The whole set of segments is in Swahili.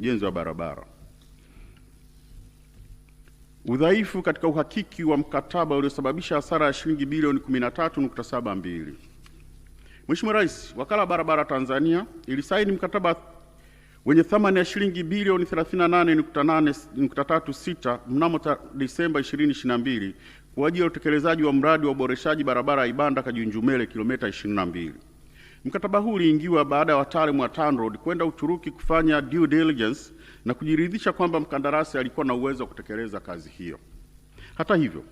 ujenzi wa barabara. Udhaifu katika uhakiki wa mkataba uliosababisha hasara ya shilingi bilioni 13.72. Mheshimiwa Rais, wakala wa barabara Tanzania ilisaini mkataba wenye thamani ya shilingi bilioni 38.36 mnamo Desemba 2022 kwa ajili ya utekelezaji wa mradi wa uboreshaji barabara ya Ibanda Kajunjumele kilomita 22. Mkataba huu uliingiwa baada ya wataalamu wa TANROADS kwenda Uturuki kufanya due diligence na kujiridhisha kwamba mkandarasi alikuwa na uwezo wa kutekeleza kazi hiyo. Hata hivyo,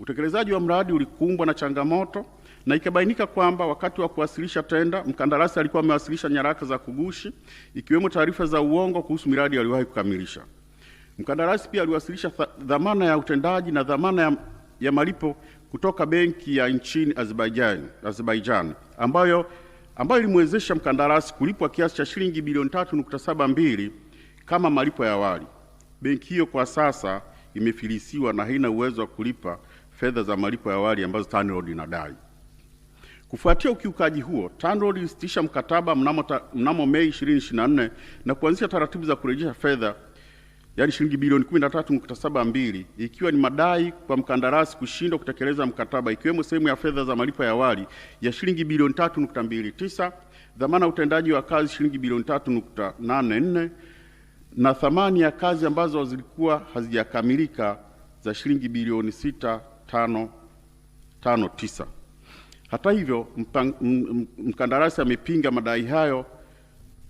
utekelezaji wa mradi ulikumbwa na changamoto na ikabainika kwamba wakati wa kuwasilisha tenda mkandarasi alikuwa amewasilisha nyaraka za kugushi ikiwemo taarifa za uongo kuhusu miradi aliyowahi kukamilisha. Mkandarasi pia aliwasilisha dhamana ya utendaji na dhamana ya, ya malipo kutoka benki ya nchini Azerbaijan, Azerbaijan ambayo ambayo ilimwezesha mkandarasi kulipwa kiasi cha shilingi bilioni 3.72 kama malipo ya awali. Benki hiyo kwa sasa imefilisiwa na haina uwezo wa kulipa fedha za malipo ya awali ambazo TANROADS inadai. Kufuatia ukiukaji huo, TANROADS ilisitisha mkataba mnamo, ta, mnamo Mei 2024 na kuanzisha taratibu za kurejesha fedha yaani shilingi bilioni 13.72 ikiwa ni madai kwa mkandarasi kushindwa kutekeleza mkataba ikiwemo sehemu ya fedha za malipo ya awali ya shilingi bilioni 3.29, dhamana utendaji wa kazi shilingi bilioni 3.84 na thamani ya kazi ambazo zilikuwa hazijakamilika za shilingi bilioni 6.559. Hata hivyo, mkandarasi amepinga madai hayo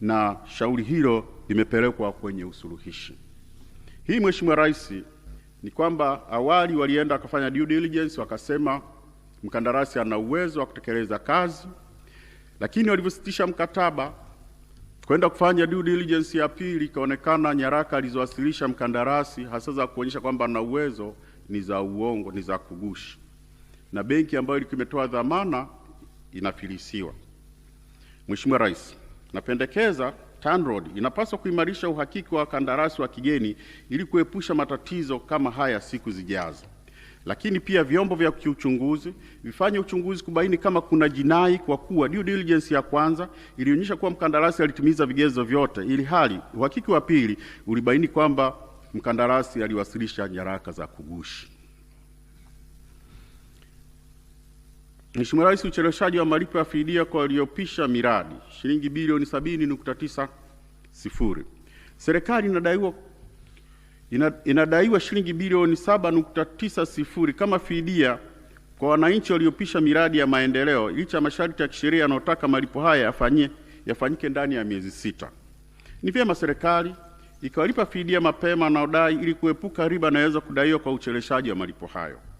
na shauri hilo limepelekwa kwenye usuluhishi. Hii Mheshimiwa Rais, ni kwamba awali walienda wakafanya due diligence, wakasema mkandarasi ana uwezo wa kutekeleza kazi, lakini walivyositisha mkataba kwenda kufanya due diligence ya pili, ikaonekana nyaraka alizowasilisha mkandarasi hasa za kuonyesha kwamba ana uwezo ni za uongo, ni za kugushi, na benki ambayo ilikuwa imetoa dhamana inafilisiwa. Mheshimiwa Rais, napendekeza TANROADS inapaswa kuimarisha uhakiki wa wakandarasi wa kigeni ili kuepusha matatizo kama haya siku zijazo. Lakini pia vyombo vya kiuchunguzi vifanye uchunguzi kubaini kama kuna jinai, kwa kuwa due diligence ya kwanza ilionyesha kuwa mkandarasi alitimiza vigezo vyote, ili hali uhakiki wa pili ulibaini kwamba mkandarasi aliwasilisha nyaraka za kugushi. Mheshimiwa Rais, ucheleweshaji wa malipo ya fidia kwa waliopisha miradi shilingi bilioni sifuri. Serikali inadaiwa inadaiwa shilingi bilioni sifuri kama fidia kwa wananchi waliopisha miradi ya maendeleo licha ya masharti ya kisheria yanayotaka malipo haya yafanyike yafanyike ndani ya miezi sita. Ni vyema serikali ikawalipa fidia mapema wanaodai ili kuepuka riba inayoweza kudaiwa kwa ucheleweshaji wa malipo hayo.